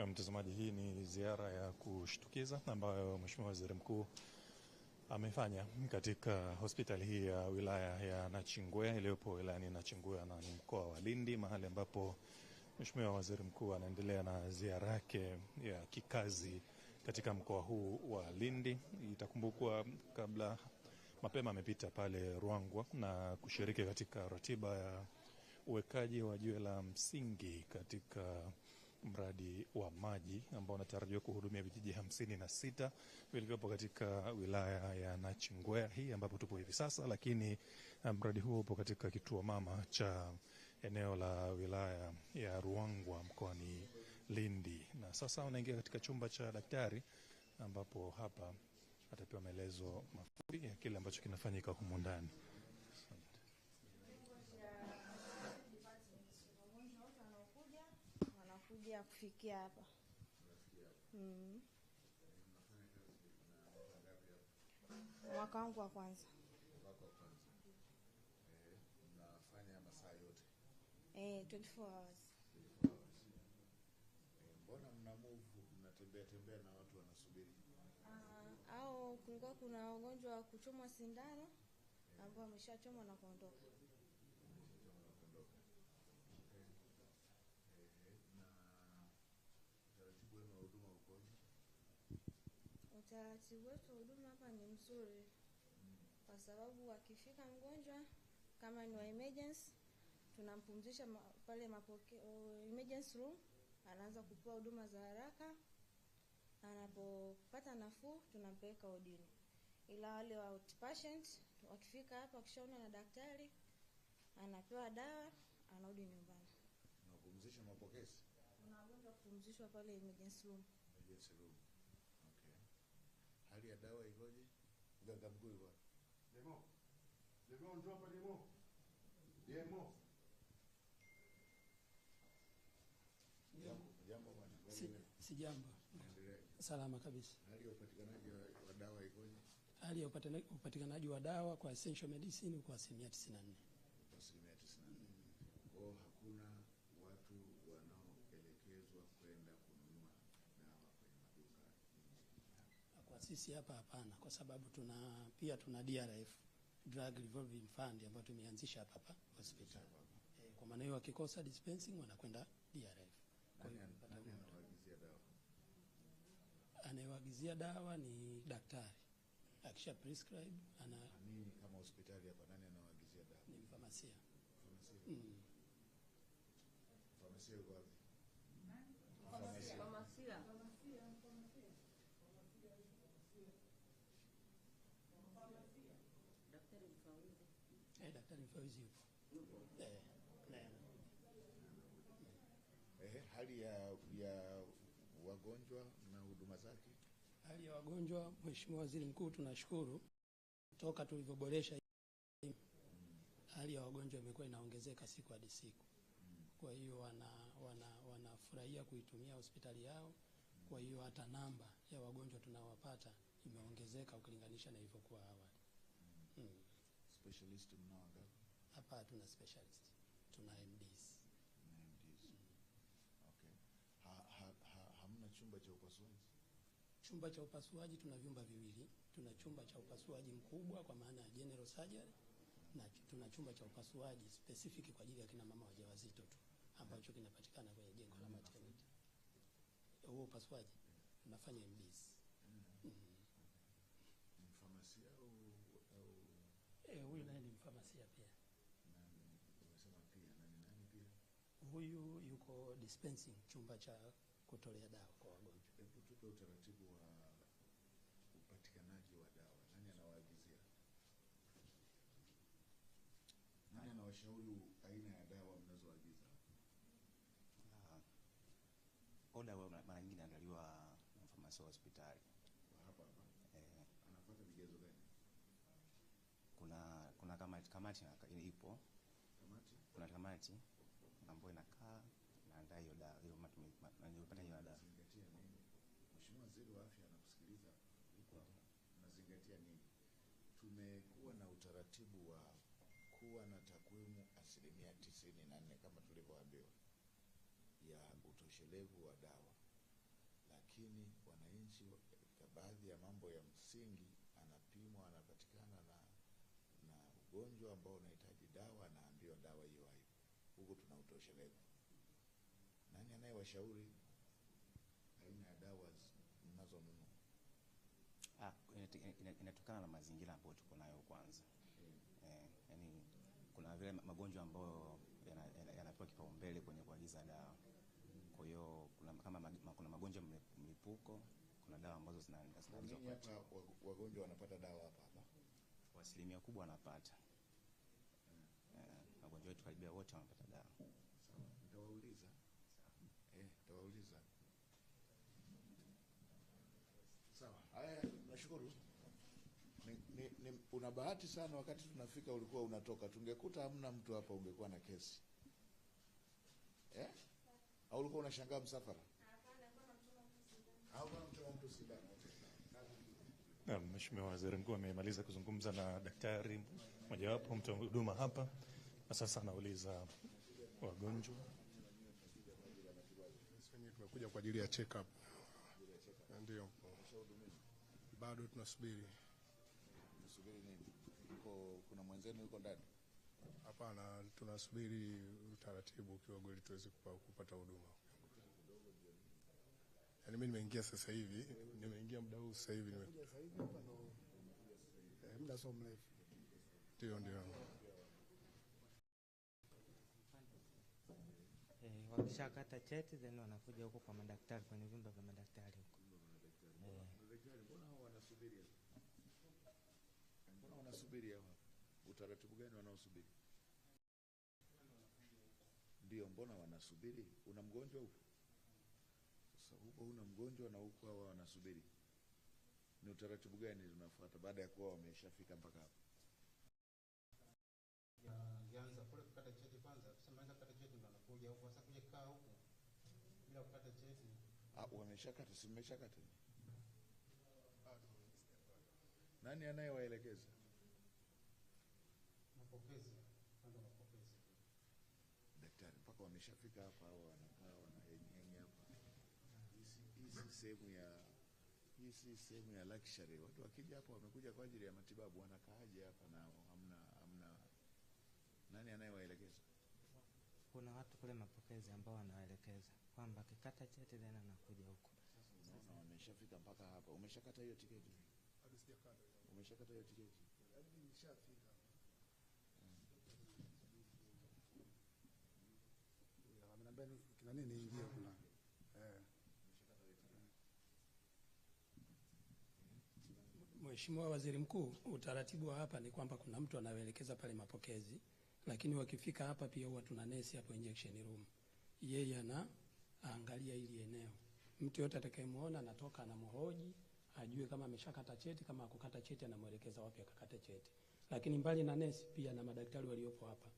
Eh, mtazamaji, hii ni ziara ya kushtukiza ambayo Mheshimiwa Waziri Mkuu amefanya katika hospitali hii ya wilaya ya Nachingwea iliyopo wilayani Nachingwea na ni mkoa wa Lindi, mahali ambapo Mheshimiwa Waziri Mkuu anaendelea na ziara yake ya kikazi katika mkoa huu wa Lindi. Itakumbukwa kabla mapema amepita pale Ruangwa na kushiriki katika ratiba ya uwekaji wa jiwe la msingi katika mradi wa maji ambao unatarajiwa kuhudumia vijiji hamsini na sita vilivyopo katika wilaya ya Nachingwea hii ambapo tupo hivi sasa, lakini eh, mradi huo upo katika kituo mama cha eneo la wilaya ya Ruangwa mkoani Lindi, na sasa unaingia katika chumba cha daktari ambapo hapa atapewa maelezo mafupi ya kile ambacho kinafanyika humu ndani. kufikia hapa mm. mwaka wangu wa kwanza Eh, 24 Mbona mnatembea tembea na watu wanasubiri? Ah, au kulikuwa kuna wagonjwa wa kuchomwa sindano ambao wameshachomwa na kuondoka. Wakati wetu huduma hapa ni mzuri, kwa sababu akifika mgonjwa kama ni wa emergency tunampumzisha ma, pale mapokeo emergency room, anaanza kupewa huduma za haraka. Anapopata nafuu tunampeleka udini, ila wale wa outpatient wakifika hapa, akishaona na daktari anapewa dawa, anarudi nyumbani. Unapumzisha mapokezi, unaanza kupumzishwa pale emergency room, emergency room hali ya dawa ikoje? Mganga mkuu yuko demo demo, njoo hapa demo demo. Jambo bwana, si jambo, salama kabisa. Hali ya upatikanaji wa dawa ikoje? Hali ya upatikanaji wa dawa kwa essential medicine kwa asilimia 94. Sisi hapa hapana, kwa sababu tuna pia tuna DRF drug revolving fund ambayo tumeanzisha hapa hapa hospitali. Eh, kwa maana hiyo wakikosa dispensing wanakwenda DRF. Kwa anayewaagizia dawa ni daktari akisha prescribe ana nini kama hospitali hapa, nani anawaagizia dawa? Ni mfamasia. Mfamasia. Mm. Mfamasia. Eh, eh, hali ya, ya wagonjwa na huduma zake. Hali ya wagonjwa, Mheshimiwa Waziri Mkuu, tunashukuru toka tulivyoboresha hali ya wagonjwa imekuwa inaongezeka siku hadi siku. Kwa hiyo wanafurahia wana, wana kuitumia hospitali yao. Kwa hiyo hata namba ya wagonjwa tunaowapata imeongezeka ukilinganisha na ilivyokuwa awali. Mm. Specialist mnao tuna specialist, tuna MDs. hamna chumba cha upasuaji? Chumba cha upasuaji tuna vyumba viwili, tuna chumba cha upasuaji mkubwa kwa maana ya general surgery na tuna chumba cha upasuaji specific kwa ajili ya kina mama wajawazito tu ambacho kinapatikana kwenye jengo la maternity. Eh, huo upasuaji unafanya MDs. Mm-hmm. Mm-hmm. eh, huyu naye ni mfamasia pia. huyu yuko dispensing, chumba cha kutolea dawa kwa wagonjwa. Hebu tupe utaratibu wa upatikanaji wa dawa, nani anawaagizia, nani anawashauri aina ya dawa mnazoagiza? Ah, oda oda mara nyingi inaandaliwa na mfamasia wa hospitali hapa hapa. Eh, anafuata vigezo gani? Kuna kuna kamati kamati ipo, kamati kuna kamati ambayo inakaa naandaa hiyo dawa hiyo dawa. Mheshimiwa Waziri wa Afya anakusikiliza unazingatia nini? Tumekuwa na utaratibu wa kuwa na takwimu asilimia tisini na nne kama tulivyoambiwa ya utoshelevu wa dawa, lakini wananchi baadhi ya mambo ya msingi anapimwa anapatikana na na ugonjwa ambao Nani anayewashauri aina ya dawa mnazonunua? Ah, inatokana na mazingira ambayo tuko nayo kwanza. Hmm. Eh, yani kuna vile magonjwa ambayo yanapewa kipaumbele kwenye kuagiza dawa. Kwa hiyo kuna kama ma, kuna magonjwa mlipuko, kuna dawa ambazo zinaagizwa Hapa wagonjwa wanapata dawa hapa hapa. Asilimia kubwa wanapata. Hmm. Eh, wetu karibia wote wanapata dawa wauliza. Sawa, haya, nashukuru. Ni, ni, ni, una bahati sana, wakati tunafika ulikuwa unatoka. Tungekuta hamna mtu hapa, ungekuwa na kesi eh? Au ulikuwa unashangaa msafara? Mheshimiwa Waziri Mkuu amemaliza kuzungumza na daktari mojawapo mtoa huduma hapa, na sasa anauliza wagonjwa Wamekuja kwa ajili ya check up, ndio bado tunasubiri. Kuna mwenzenu yuko ndani? Hapana, tunasubiri utaratibu kidogo ili tuweze kupata huduma. Yaani mimi nimeingia sasa hivi, nimeingia muda huu sasa hivi, eh, ndio ndio. wakishakata cheti then wanakuja huko kwa madaktari kwenye vyumba vya madaktari huko. Mbona wanasubiri Utaratibu gani wanaosubiri? Ndio, mbona wanasubiri? Una mgonjwa huko? Sasa huko una mgonjwa na huko hawa wanasubiri. Ni utaratibu gani tunafuata baada ya kuwa wameshafika mpaka hapo? kuja huku hasa kuja kaa huku bila kupata cheti. Ah, wameshakata, si mmeshakata? Nani anayewaelekeza? Mapokezi, kwanza mapokezi. Daktari, mpaka wameshafika hapa au wanakaa wanaenyenya hapa. Hii si sehemu ya hii si sehemu ya luxury. Watu wakija hapa wamekuja kwa ajili ya matibabu, wanakaaje hapa na hamna hamna nani anayewaelekeza? kuna watu kule mapokezi ambao wanaelekeza kwamba kikata cheti tena nakuja huko. Sasa wameshafika mpaka hapa. Umeshakata hiyo tiketi? Umeshakata hiyo tiketi? Mheshimiwa Waziri Mkuu, utaratibu wa hapa ni kwamba kuna mtu anaelekeza pale mapokezi lakini wakifika hapa pia huwa tuna nesi hapo injection room, yeye anaangalia ili eneo. Mtu yote atakayemuona anatoka anamhoji, ajue kama ameshakata cheti, kama akukata cheti anamwelekeza wapi akakate cheti. Lakini mbali na nesi, pia na madaktari waliopo hapa,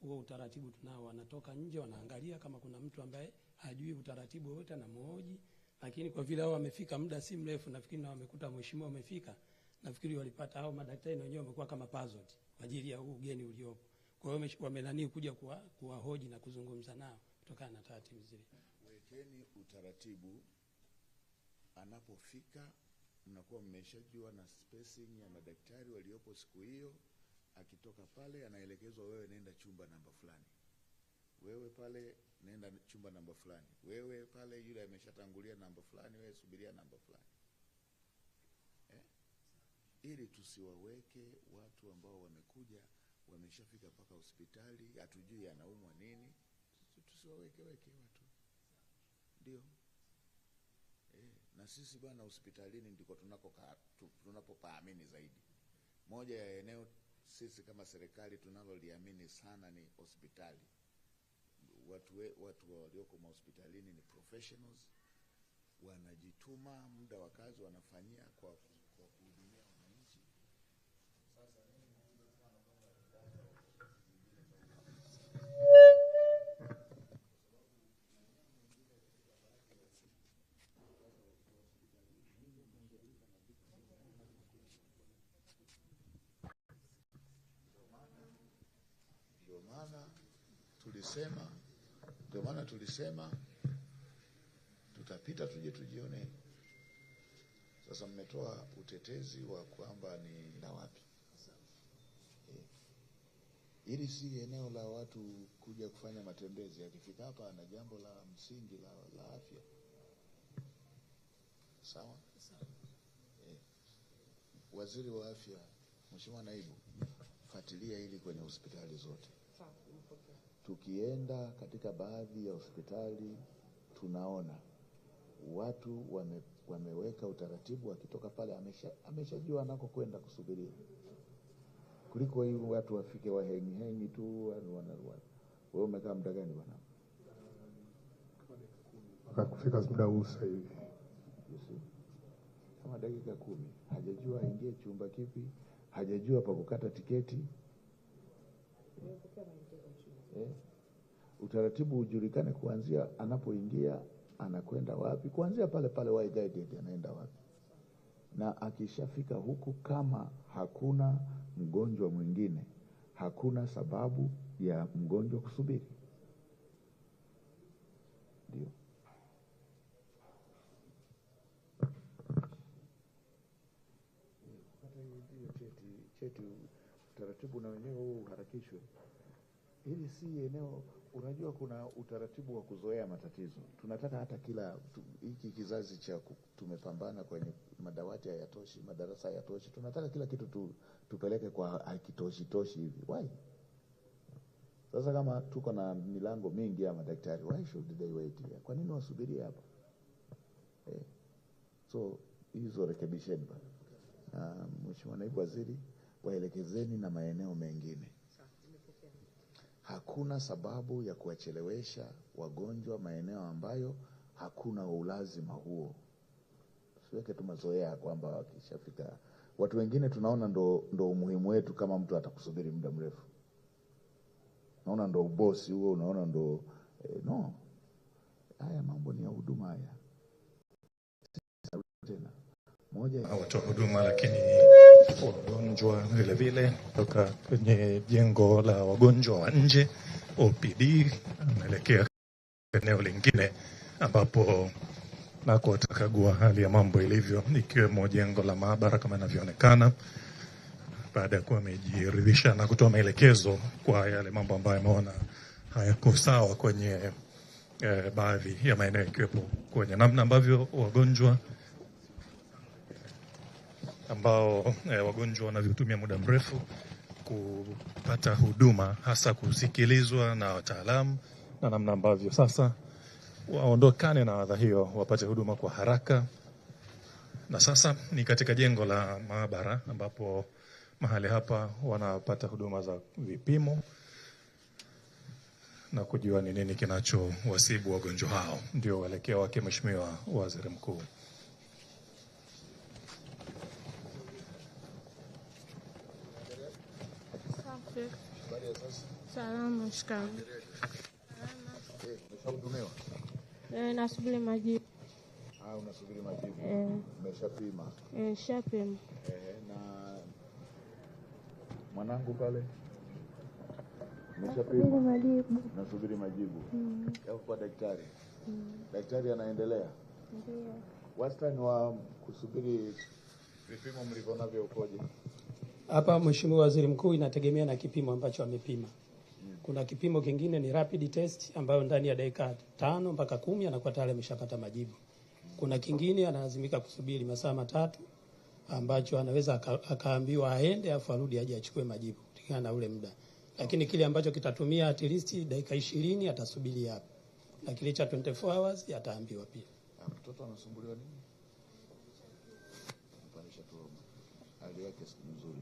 huo utaratibu tunao, wanatoka nje wanaangalia kama kuna mtu ambaye hajui utaratibu wote anamhoji. Lakini kwa vile hao wamefika muda si mrefu, nafikiri na wamekuta mheshimiwa amefika, nafikiri walipata hao madaktari wenyewe wamekuwa kama puzzle kwa ajili ya huu ugeni uliopo. Kwa hiyo wamenani kuja kuwahoji kuwa na kuzungumza nao kutokana na taratibu zile. wekeni utaratibu, anapofika mnakuwa mmeshajua na spacing ya madaktari waliopo siku hiyo. Akitoka pale anaelekezwa, wewe nenda chumba namba fulani, wewe pale nenda chumba namba fulani, wewe pale, yule ameshatangulia namba fulani, wewe subiria namba fulani eh? ili tusiwaweke watu ambao wamekuja wameshafika mpaka hospitali, hatujui anaumwa nini. Tusiwaweke weke watu ndio e. Na sisi bwana, hospitalini ndiko tunapopaamini zaidi. Moja ya eneo sisi kama serikali tunaloliamini sana ni hospitali. Watu, watu walioko mahospitalini ni professionals, wanajituma, muda wa kazi wanafanyia kwa tulisema, ndio maana tulisema tutapita tuje tujione. Sasa mmetoa utetezi wa kwamba ni na wapi hili eh, e, si eneo la watu kuja kufanya matembezi. Akifika hapa ana jambo la msingi la, la afya sawa e. Waziri wa Afya, Mheshimiwa Naibu, fuatilia hili kwenye hospitali zote. Tukienda katika baadhi ya hospitali tunaona watu wame, wameweka utaratibu, akitoka pale ameshajua amesha anakokwenda kusubiria, kuliko hivyo watu wafike wahengihengi tu. we umekaa muda gani bwana kufika muda huu sasa hivi? Kama dakika kumi, hajajua aingie chumba kipi, hajajua pa kukata tiketi eh, utaratibu hujulikane kuanzia anapoingia anakwenda wapi, kuanzia pale pale wa guided anaenda wapi, na akishafika huku, kama hakuna mgonjwa mwingine, hakuna sababu ya mgonjwa kusubiri. Ndio. Cheti taratibu na wenyewe huo uharakishwe. Hili si eneo, unajua kuna utaratibu wa kuzoea matatizo. Tunataka hata kila hiki kizazi cha tumepambana kwenye madawati hayatoshi, madarasa hayatoshi, tunataka kila kitu tu, tupeleke kwa akitoshi toshi hivi why? Sasa kama tuko na milango mingi ya madaktari, why should they wait here? Kwa nini wasubirie hapo eh? So hizo rekebisheni bana. Ah, mheshimiwa Naibu Waziri waelekezeni na maeneo mengine. Hakuna sababu ya kuwachelewesha wagonjwa maeneo ambayo hakuna ulazima huo. Siweke tu mazoea kwamba wakishafika watu wengine tunaona ndo, ndo umuhimu wetu. Kama mtu atakusubiri muda mrefu, naona ndo ubosi huo, unaona ndo eh, no, haya mambo ni ya huduma haya tena watoa huduma lakini wagonjwa vilevile kutoka kwenye jengo la wagonjwa wa nje OPD anaelekea eneo lingine ambapo nako watakagua hali ya mambo ilivyo, ikiwemo jengo la maabara kama inavyoonekana, baada ya kuwa amejiridhisha na kutoa maelekezo kwa yale mambo ambayo ameona hayako sawa kwenye eh, baadhi ya maeneo ikiwepo kwenye namna ambavyo wagonjwa ambao eh, wagonjwa wanavyotumia muda mrefu kupata huduma, hasa kusikilizwa na wataalamu na namna ambavyo sasa waondokane na adha hiyo, wapate huduma kwa haraka. Na sasa ni katika jengo la maabara ambapo mahali hapa wanapata huduma za vipimo na kujua ni nini kinachowasibu wagonjwa hao. Ndio uelekeo wake Mheshimiwa Waziri Mkuu. Salama shikamoo. Umeshahudumiwa? Eh, nasubiri majibu. Ah, unasubiri majibu. Eh. Umeshapima? Eh, shapima. Eh, na mwanangu pale? Umeshapima? Majibu. Nasubiri majibu. Mm. Yako kwa daktari. Mm. Daktari anaendelea? Ndio. Wastani wa kusubiri vipimo ukoje? Hapa Mheshimiwa Waziri Mkuu, inategemea na kipimo ambacho amepima. Kuna kipimo kingine ni rapid test ambayo ndani ya dakika tano mpaka kumi anakuwa tayari ameshapata majibu. Kuna kingine analazimika kusubiri masaa matatu ambacho anaweza akaambiwa aende afu arudi aje achukue majibu kutokana na ule muda. Lakini kile ambacho kitatumia at least dakika 20 atasubiri hapo, na kile cha 24 hours ataambiwa pia. Mtoto anasumbuliwa nini? Hali yake si nzuri.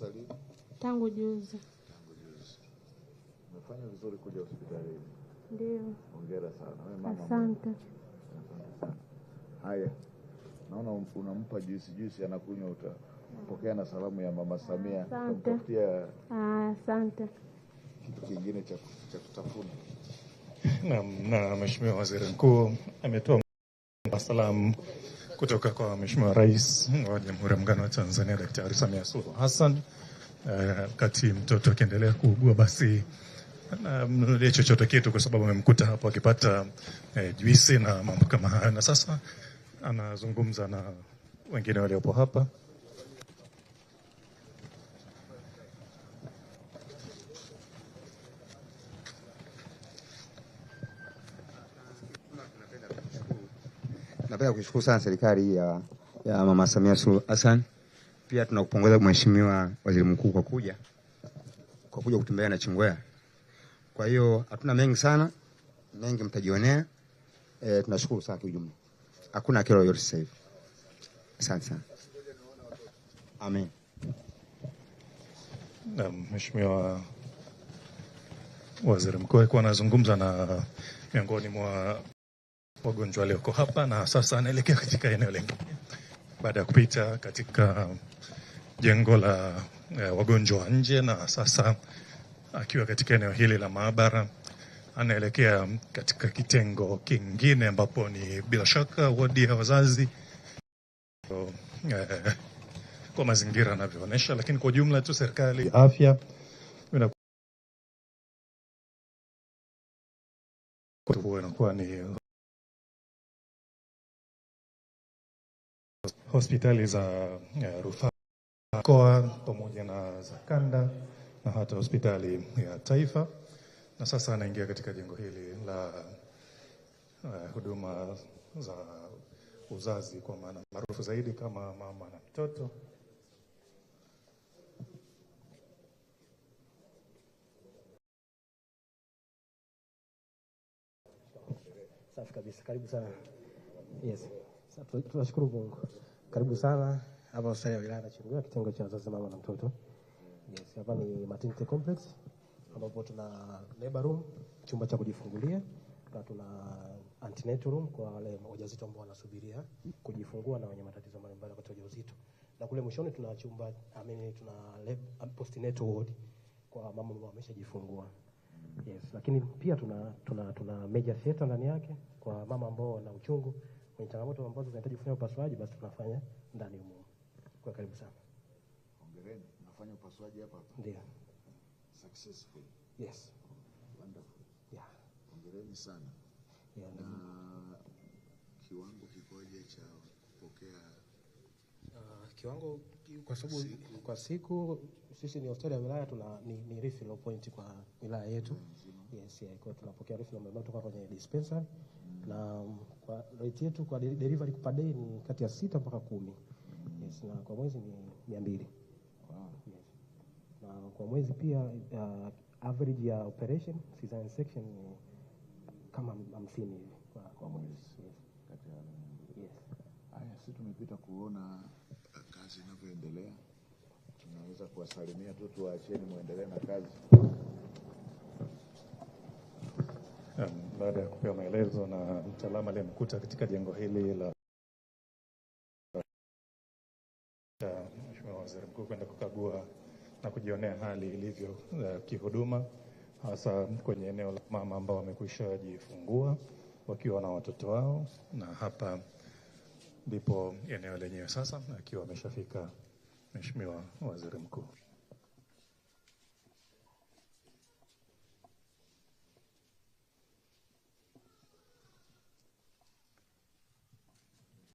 umeanza lini? Tangu juzi. Tangu juzi. Umefanya vizuri kuja hospitalini. Ndio. Hongera sana. Wewe mama. Asante. Asante sana. Haya. Naona um, unampa juisi juisi anakunywa uta pokea na salamu ya Mama Samia. Asante. Ah, asante. Kitu kingine cha cha kutafuna. Na, na Mheshimiwa Waziri Mkuu ametoa salamu kutoka kwa Mheshimiwa Rais wa Jamhuri ya Muungano wa Tanzania Daktari Samia Suluhu Hassan. Eh, wakati uh, mtoto akiendelea kuugua, basi uh, chochote kitu, kwa sababu amemkuta hapo akipata uh, juisi na mambo kama hayo, na sasa anazungumza na wengine waliopo hapa. nataka kushukuru sana serikali ya, ya Mama Samia Suluhu Hassan. Pia tunakupongeza Mheshimiwa Waziri Mkuu kwa kuja kwa kuja kutembea na Chingwea. Kwa hiyo hatuna mengi sana, mengi mtajionea. E, tunashukuru sana kiujumla, hakuna kero yoyote sasa hivi. Asante sana, amen. Mheshimiwa Waziri Mkuu alikuwa anazungumza na miongoni mwa wagonjwa walioko hapa, na sasa anaelekea katika eneo lingine baada ya kupita katika jengo la eh, wagonjwa wa nje, na sasa akiwa katika eneo hili la maabara anaelekea katika kitengo kingine ambapo ni bila shaka wodi ya wazazi so, eh, kwa mazingira anavyoonyesha, lakini kwa ujumla tu serikali ya afya inakuwa ni hospitali za eh, rufaa mkoa pamoja na za kanda na hata hospitali ya taifa, na sasa anaingia katika jengo hili la uh, huduma za uzazi kwa maana maarufu zaidi kama mama na mtoto. Safi kabisa, karibu sana. Yes, tunashukuru Mungu. Karibu sana hapa hospitali ya wilaya Nachingwea, kitengo cha wazazi, mama na mtoto. Yes, hapa ni maternity complex ambapo tuna labor room, chumba cha kujifungulia na tuna antenatal room kwa wale wajawazito ambao wanasubiria kujifungua na wenye matatizo mbalimbali katika ujauzito, na kule mwishoni tuna chumba amini, tuna lab, postnatal ward kwa mama ambao wameshajifungua. Yes, lakini pia tuna tuna, tuna major theater ndani yake kwa mama ambao wana uchungu kwenye changamoto ambazo zinahitaji kufanya upasuaji, basi tunafanya ndani humo. Kwa karibu sana, hongereni. Nafanya upasuaji hapa hapa, ndio successful. Yes, wonderful. Yeah, hongereni sana. Yeah, na kiwango kikoje cha kupokea uh, kiwango kwa sababu kwa siku sisi ni hospitali ya wilaya tuna ni, ni referral point kwa wilaya yetu. Yes, yeah, kwa tunapokea referral mbalimbali kutoka kwenye dispensary na kwa rate yetu kwa delivery per day ni kati ya sita mpaka kumi. Yes, na kwa mwezi ni mia mbili. Wow. Yes. Na kwa mwezi pia uh, average ya operation cesarean section ni kama hamsini hivi kwa, kwa mwezi. Yes. Kati ya yes. Haya, sisi tumepita kuona kazi inavyoendelea, tunaweza kuwasalimia tu, tuwaacheni muendelee na kazi baada ya kupewa maelezo na mtaalamu aliyemkuta katika jengo hili la Mheshimiwa Waziri Mkuu kwenda kukagua na kujionea hali ilivyo uh, kihuduma hasa kwenye eneo la mama ambao wamekwisha jifungua wakiwa na watoto wao, na hapa ndipo eneo lenyewe sasa, akiwa ameshafika Mheshimiwa Waziri Mkuu.